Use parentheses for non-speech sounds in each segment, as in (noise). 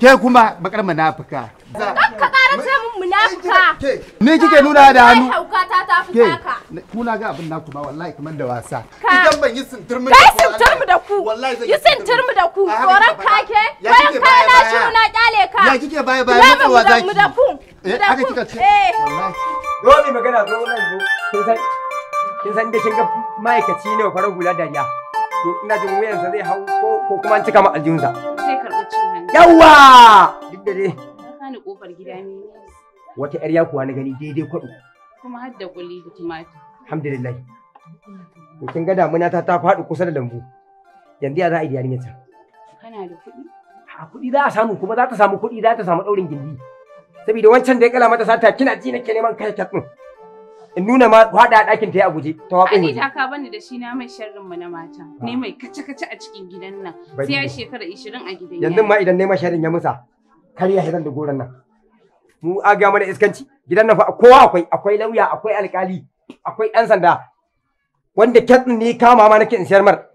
Ke kuma bakar munafuka. dan Ka ƙara ce mun munafuka. Ni kike nuna da hannu. Kai hauka ta ta fita ka. Kuna ga abin naku ba wallahi kamar da wasa. Idan ban yi sintirmu da ku. Kai sintirmu da ku. yi sintirmu da ku. Tsoron kake. Bayan ka na shi na kyale ka. Ya kike baya baya matsawa zaki. Mu da ku. Eh, haka kika ce. Eh. Wallahi. Dole magana zo nan zo. Kin san kin san da kin ga ma'aikaci ne farar hula dariya. To ina jin wayan wuyansa zai hau ko kuma an cika ma aljihunsa. Yawa! Duk da dai. Na kofar gida ne. Wata ƴarya kuwa na gani daidai kwaɗo. Kuma har da kuli da tumatir. Alhamdulillah. To kin ga damuna ta ta faɗi kusa da lambu. Yanzu ya za a yi yarinya ta. Kana da kuɗi? A kuɗi za a samu kuma za ta samu kuɗi za ta samu ɗaurin gindi. Saboda wancan da ya kala mata sata kina ji nake neman kai ta ɗin. in nuna ma hada ɗakin ta yi a guje ta waƙo waje. Ani ka bani da shi na mai sharrin mu na mata. Ne ah. mai kace-kace a cikin gidan nan. Sai ya shekara 20 a gidan Yanzu ma idan ne ma sharrin ya musa karya hidan da goron nan. Mu a ga mana iskanci gidan nan fa kowa akwai akwai lauya akwai alƙali akwai ɗan sanda wanda kyatsin ne kama ma nake in siyar mar.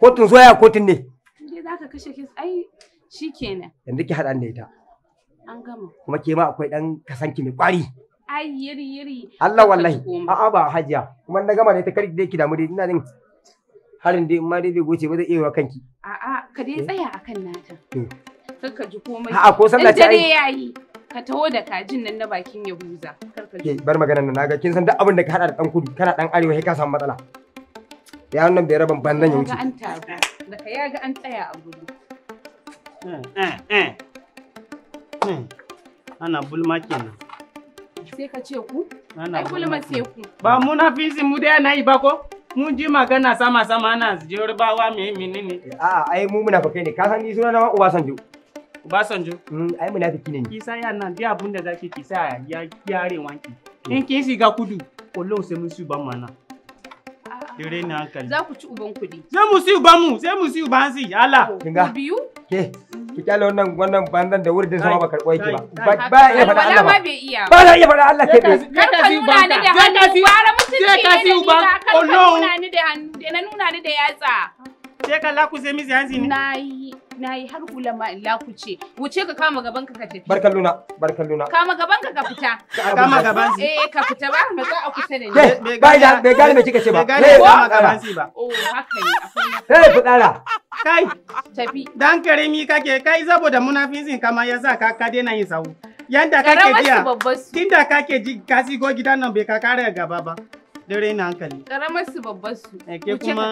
Kotun zoya kotun ne. Inde za ka kashe kes ai shikenan. Yanzu ki haɗa da ita. An gama. Kuma ke ma akwai ɗan kasanki mai ƙwari. ai yiri yiri Allah wallahi a'a ba hajiya kuma na gama ne ta kari da ki damu dai ina jin harin dai ma dai bai goce ba zai iya wa kanki a'a ka dai eh. tsaya akan nata eh. karka ji komai a ko sallah ta ai ka taho da kajin nan na bakin Yahuza kar ka ji eh, bar maganar nan naga kin san duk abin da ka hada da dan kudu kana dan arewa sai ka samu matsala ya wannan bai raban banzan ya wuce an taru da ka ya an tsaya a gudu hmm, ana bulma kenan Sai ka ce ku? Ai ma sai ku. Ba muna fisi mu dai na yi ba ko? Mun ji magana sama sama ana jiyar bawa me menene. Eh, a'a ai mu munafikai ne ka san ni suna na Obasanjo. Obasanjo? Mm, ai munafiki ne. Kisa ya nan dai abun da zaki kisa ya yare wanki. Mm. In kin shiga kudu, wallahi sai mun su ban mana. Dure ni hankali. Za ku ci uban kuɗi. Sai mu si uban mu, sai mu si uban si, Biyu. Ke. Ki kyale wannan wannan banzan da wurin sama ba karɓo yake ba. Ba ya faɗa Allah ba. Ba ya iya faɗa Allah ke bai. Kar ka nuna ni da hannu, gwara mutunci ne da uban. Kar ka nuna ni da hannu, na nuna ni da yatsa. Sai ka lakuse misi hansi ne. Na yi. na yi har hula ma in lakuce wuce ka kama gaban ka ka tafi barkan luna barkan luna kama gaban ka ka fita kama gaban si eh ka fita ba za a kusa da ni bai da bai ga me kike ce ba bai kama gaban si ba oh haka ne akwai eh fudara kai tafi dan karemi kake kai saboda munafisin kama yasa ka ka daina yin sawu yanda kake jiya tinda kake ji ka sigo gidan nan bai ka kare gaba ba dare na hankali karamar su babbar su eh, ke kuma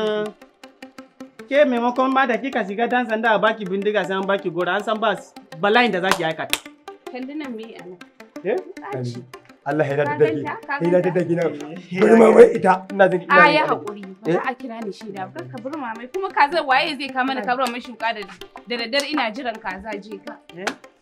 ke maimakon ma da kika shiga dan sanda a baki bindiga sai an baki gora an san ba bala'in da zaki aikata. Kandunan mi a nan. Eh? Allah ya dada daki. Ya dada daki na. Eh, eh, eh. ma mai ita. Ina jin ina. Ai hakuri. Ba za a kira ni shi da ba ka burma mai kuma kaza waye zai kama mana ka mai shuka da daddare ina jiran kaza je ka. Eh?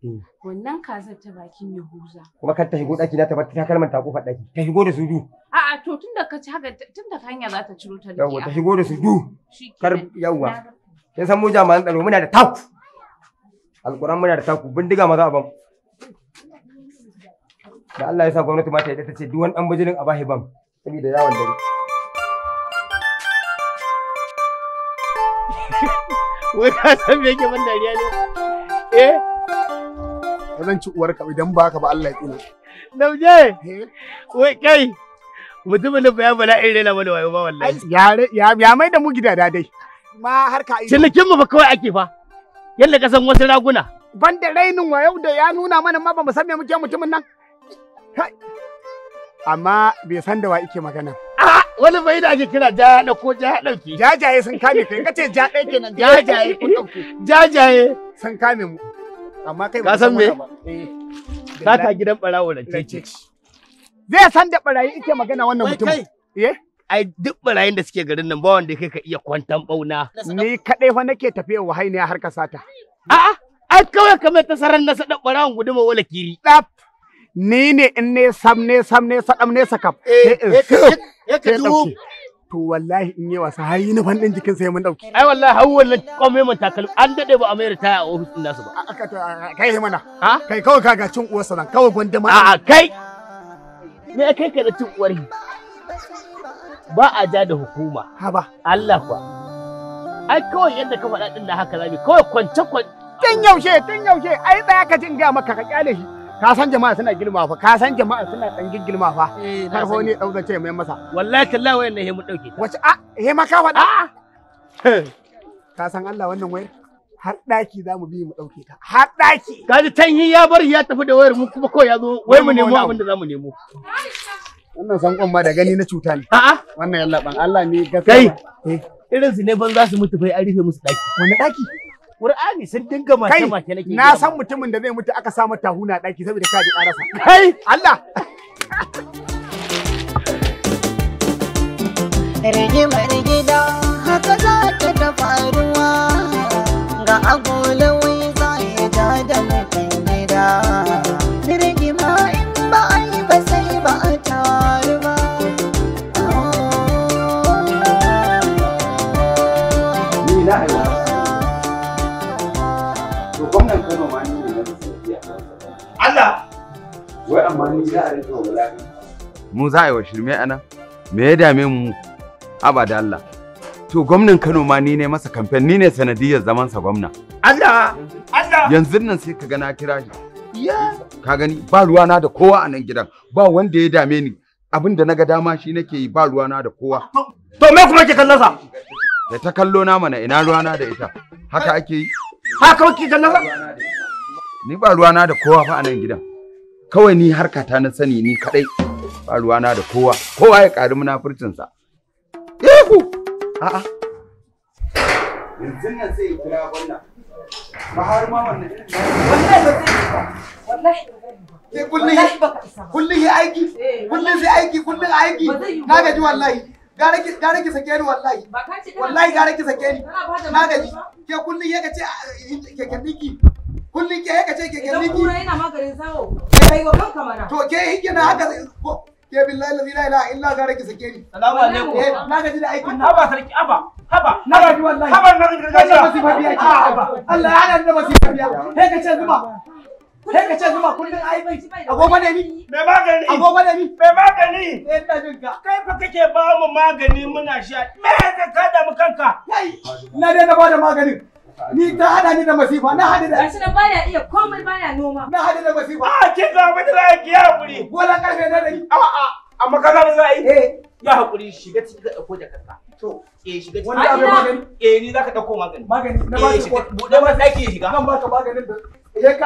Mm. Wannan kazar ta bakin Yahuza. Kuma kan ta shigo daki na ta bar ta kalmanta kofa ɗaki. Ta shigo da su du. A'a to tun da ka ci haka tunda ka hanya za ta ciro ta liƙiya. Yawwa ta shigo da su du. Kar yawwa. Kin san mu jama'an tsaro muna da taku. alquran muna da taku bindiga maza a bam. Da Allah ya sa gwamnati ma ta yadda ta ce duk wani ɗan bijirin a bahi bam. Saboda yawan dare. (laughs) Wai ka san me yake ban dariya ne? Eh ba zan ci uwar ka idan ba ka ba Allah ya kina. lauje eh? wai kai mutumin da ya bala irin na wani wayo ba wallahi ya ya mai da mu gida da dai ma har ka cinikin mu fa kawai ake fa yadda ka san wasu raguna ban da rainin wayo da ya nuna mana ma ba mu san me muke mutumin nan amma bai san da wa yake magana wani bai da ake kira ja na ko ja dauki jajaye sun kame kai kace ja dai nan jajaye kun dauki jajaye sun kame mu amma kai ba san me Sata gidan barawo Zai san da barayi ike magana wannan mutum. Ai duk barayin da suke garin nan ba wanda kai ka iya kwantan bauna. Ni kadai fa nake tafiya wahai ne har ka sata. A'a, ai kawai kamar ta saran na sadan barawon guduma wala kiri. Ni ne in ne sam ne sam ne sadam ne sakam. Eh, eh, eh, eh, to wallahi in yi wasa har yi nufan ɗin jikin sai mun ɗauki. Ai wallahi har wannan komai mun takalu an daɗe ba a mai ritaya a ofis ɗin nasu ba. Kai mana. Ha? Kai kawai kaga cin uwarsa nan kawai gwandama. A'a kai. Me kai ka da cin uwar Ba a ja da hukuma. Ha ba. Allah kuwa. Ai kawai yadda ka faɗa ɗin da haka zabi kawai kwance kwance. Tun yaushe tun yaushe ai tsaya ka jin gaya maka ka kyale shi. ka san jama'a suna girma fa ka san jama'a suna dan girma fa karfo ne dau dauka ce mai masa wallahi tallahi wayan ne mu dauke wace a ah, he ma ka fada ah! (laughs) ka san Allah wannan wai har daki za mu bi mu dauke ta har daki gaji tanhi ya bari ya tafi da wayar mu kuma ko ya zo wai mu nemo abin da za mu nemo wannan kon ma da gani na cuta ne a'a wannan yallaban Allah ne gaskiya eh. irin su ne ban za su mutu bai an rufe musu daki wani daki Qur'ani sun dinga mace mace nake. Na san mutumin da zai mutu aka sa mata huna daki saboda ka ji karasa. Kai Allah. Allah wai amma ni za a rinka wala mu za a yi wa shirme ana. me ya dame mu da Allah to gwamnan Kano ma ni ne masa kamfen ni ne sanadiyar zaman sa gwamna Allah Allah yanzu nan sai ka ga na kira shi ka gani ba ruwana da kowa a nan gidan ba wanda ya dame ni abin da naga dama shi nake yi ba ruwana da kowa to me kuma ke kallon da ta kallo na mana ina ruwana da ita haka ake yi haka kake kallon sa ni ba ruwana da kowa fa a nan gidan kawai ni harka ta na sani ni kadai ba ruwana da kowa kowa ya ƙari munafurcinsa a a'a yanzu nan sai kira wannan ba ba zai yi aiki eh, sai aiki kullum aiki gaji wallahi gara ki ni wallahi wallahi gara ki sake kullum ke haka ce ke kalli ki idan yana maganin zawo kai wa kanka mana to ke hike na haka ke billahi la ilaha illa gara ki sake ni salamu alaikum eh, na gaji da aikin nan haba sarki haba haba na gaji wallahi haba na gaji gaji masifa biya ki ah, haba Allah ya hada da masifa biya kai ka ce zuma kai ka ce zuma kullum ai bai agogo ne ni mai magani agogo ne ni mai magani eh ina jin kai fa kake ba mu magani muna sha me ka kada mu kanka na dai na bada maganin Ni ta hada ni da masifa, na hada da. Gashi na baya iya komai baya noma. Na hada da masifa. Ah, a kin za mu da ki hakuri. Golan karfe da ni. A a amma kaza da za yi. Eh. Ya hakuri shiga cikin ka dauko jakarta. To, eh shiga cikin. Wani abu magani. Eh ni zaka dauko magani. Magani. Na eh, ba ki bude mai daki ya shiga. Zan baka maganin da. Eh, eh,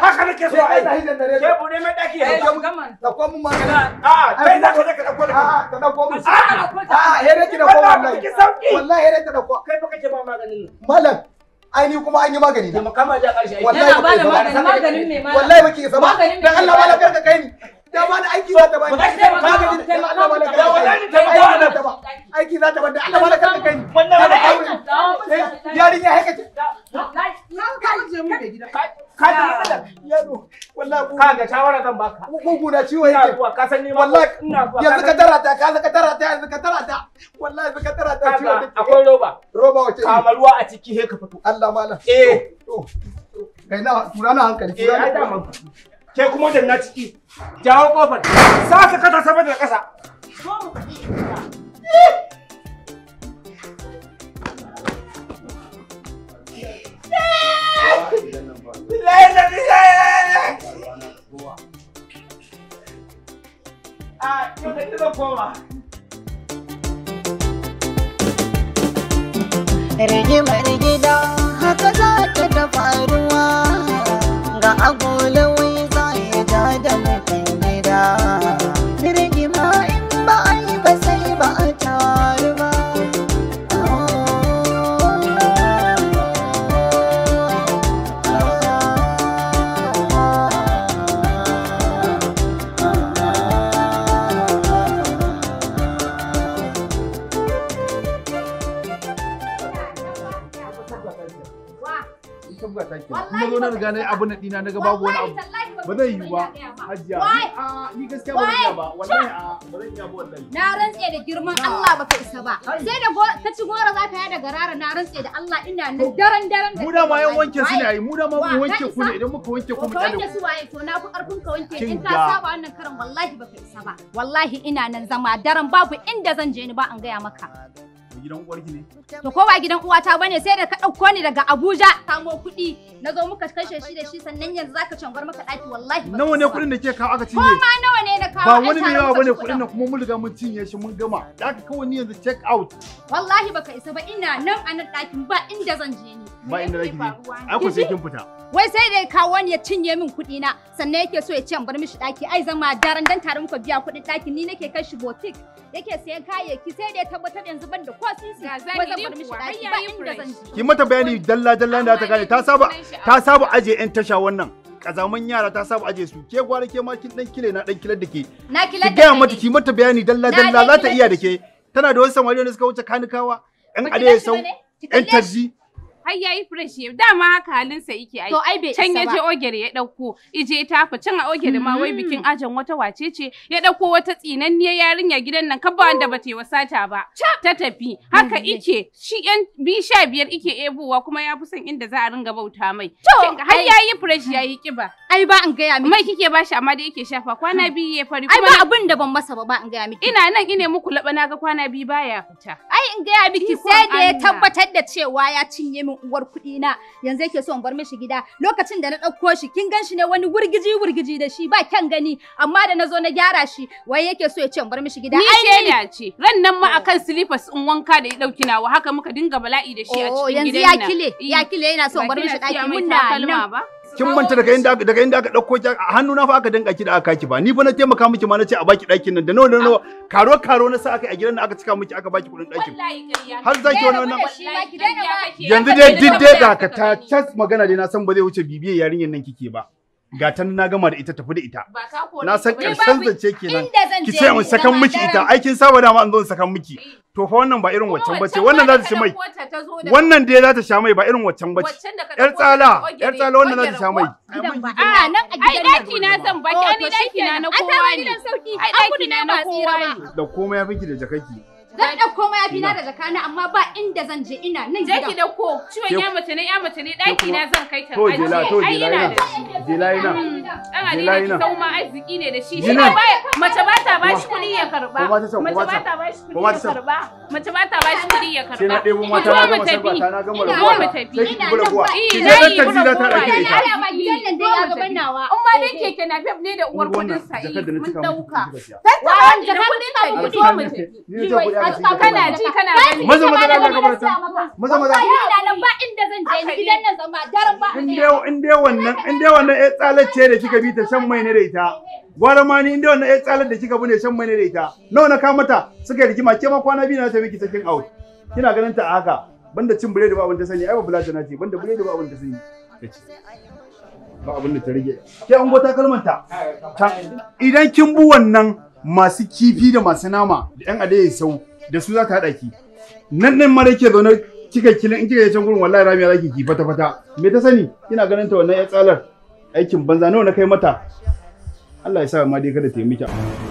Haka nake so ai. Ke bude mai daki mun A kai za ka da. ka mun. A a a ai kuma an yi magani na makama ja karshe wallahi ba da magani maganin da ma wallahi da Allah ba na karka kai ni da ba da aiki za ta ba ni da Allah ba na karka kai ni wallahi ta ba aiki za ta ba da Allah ba na karka kai ni wannan ba da aure yarinya haka ce na kai gida ka ji matsalar yaro wallahi ka ga shawara zan baka ku na ciwo yake ka san ni wallahi ina zuwa yanzu ka tarata ka yanzu ka ta, yanzu ka tarata wallahi yanzu ka tarata ciwo da akwai roba roba wace kama ruwa a ciki he ka fito Allah malam eh to kai na tura na hankali tura eh, na dama ke kuma da na ciki jawo kofar sa ka kata saboda kasa zo mu wannan na riga na yi abu dina naga babu wani abu ba zai yi ba hajiya ni gaskiya ba zan ba wallahi a ba zan yi ba wallahi na rantse da girman Allah baka isa ba sai da ta ci gora za ta yi da garara na rantse da Allah ina nan daren daren mu da ma yan wanke su ne ai mu da ma mu wanke ku ne idan muka wanke ku mu wanke su waye to na ku karfin ka wanke in ka saba wannan karan wallahi baka isa ba wallahi ina nan zama daren babu inda zan je ni ba an gaya maka Gidan ne? To ko ba gidan uwata bane sai da ka dauko ni daga Abuja samo kuɗi na zo muka kashe shi da shi sannan yanzu zaka cangwar maka daki wallahi. Nawa ne kuɗin da ke kawo aka cinye? Ko ma nawa ne na kawo? Ba wani mai yawa bane kuɗin nan kuma mun riga mun cinye shi mun gama. Da aka kawai ni yanzu check out. Wallahi baka isa ba ina nan a nan ɗakin ba inda zan je ni. Ba inda zan je. Ai ku sai kin fita. wai sai dai kawo wani ya cinye min kuɗi na sannan yake so ya ce bar mishi ɗaki ai zama daren dan tare muka biya kuɗin ɗaki ni nake kai shi botik yake sayan kayayyaki sai dai tabbatar yanzu ban da ko sisi wai zan bar mishi ɗaki ba inda zan ji ki mata bayani dalla dalla da ta gane ta saba ta saba aje yan tasha wannan kazaman yara ta saba aje su ke gwara ke ma kin dan kile na dan kilar da ke na kilar da ke ki ga mata ki mata bayani dalla dalla za ta iya da ke tana da wasu samari da suka wuce kanikawa yan ade sau yan tarji. har yayi fresh ya dama haka halinsa yake ai. To ai bai Can ya je ogere ya dauko ije ta fa can a ogere ma wai hmm. bikin ajan wata wace ce ya dauko wata tsinanniyar yarinya gidan nan kabba wanda hmm. ba ta yi wasata ba. Ta tafi haka ike shi yan bi sha biyar ike ebowa kuma ya fi son inda za a ringa bauta mai. To har yayi fresh yayi kiba. Ai ba in gaya miki. Mai kike bashi amma da yake shafa kwana hmm. biyu ya fari. Ai ba abin da ban masa ba ba in gaya miki. Ina nan ine muku laba na ga kwana biyu baya fita. Ai in gaya miki sai da ya tabbatar da cewa ya cinye min uwar kuɗi na yanzu yake so in bar mishi gida lokacin da na ɗauko shi kin gan shi ne wani wurgiji wurgiji da shi ba kyan gani amma da nazo na gyara shi wai yake so ya ce in bar mishi gida ni shaida ce ran nan ma oh. akan slippers in wanka da ya dauki nawa haka muka dinga bala'i da shi a oh, cikin gidan nan yanzu ya kile ya eh. kile yana so in bar mishi ɗaki mun na kin manta daga inda daga inda aka dauko ki hannu na fa aka danka ki da aka kaki ba ni fa na taimaka miki ma na ce a baki dakin nan da nawa da nawa karo karo na sa aka a gidan nan aka cika miki aka baki kudin dakin har zaki wani wannan yanzu dai didde da ka ta chat magana dai na san ba zai wuce bibiye yarinyar nan kike ba ga ta na gama da ita tafi da ita na san karshen zance kenan ki ce mu sakan miki ita aikin saba da mu an zo sakan miki to fa wannan ba irin waccan bace wannan za ta ci mai wannan dai za ta sha mai ba irin waccan bace yar tsala yar tsala wannan za ta sha mai a ah, nan a gidan daki na zan ba ki ni daki na na kowa ne ai daki na na kowa da komai ya fiki da jakaki Zan ɗauko mayafi na da zakana amma ba inda zan je ina nan gida. Jeki ɗauko ciwon ya mace ne ya mace ne ɗaki na zan kai ta. To jela to jela ina. Jela ina. Hmm. an Adina ki ma arziki ne da shi. Shi ba mace ba ta ba shi kuɗi ya karba. Mace ba ta ba shi kuɗi ya karba. Mace ba ta ba shi kuɗi ya karba. Sai na ɗebo mata na gama sai bata na gama rabuwa. tafi. Sai ki bula buwa. Ki je dan taxi za ta ɗauke ita. Ina ma gidan nan dai ya gaban nawa. In ma dan keke na fef ne da uwar kuɗin sa. Eh, mun ɗauka. Tata wanda ka kuɗi ka mu zo mu tafi. ta Kana ji kana gani. Maza maza na gama ta. Maza maza. ba inda zan je gidan nan zama daren ba. In dai wannan in dai wannan eh tsalace da kika bi ta shan mai ne da ita gwara ma ni inda wannan ya tsalar da kika bune shan mai ne da ita nawa na ka mata suka yi rigima ke ma kwana biyu na ta miki sakin out kina ganin ta a haka banda cin biredi ba abin ta sani ai ba bulata na ce banda biredi ba abin ta sani ba abin da ta rage ke an gota kalmanta idan kin bu wannan masu kifi da masu nama da yan ya sau da su za ta haɗa ki nan nan mara da zaune kika kilin in kika je can gurin wallahi ya zaki ki fata fata me ta sani kina ganin ta wannan ya tsalar aikin banza nawa na kai mata Allah ya sa ma dai kada ta yi miki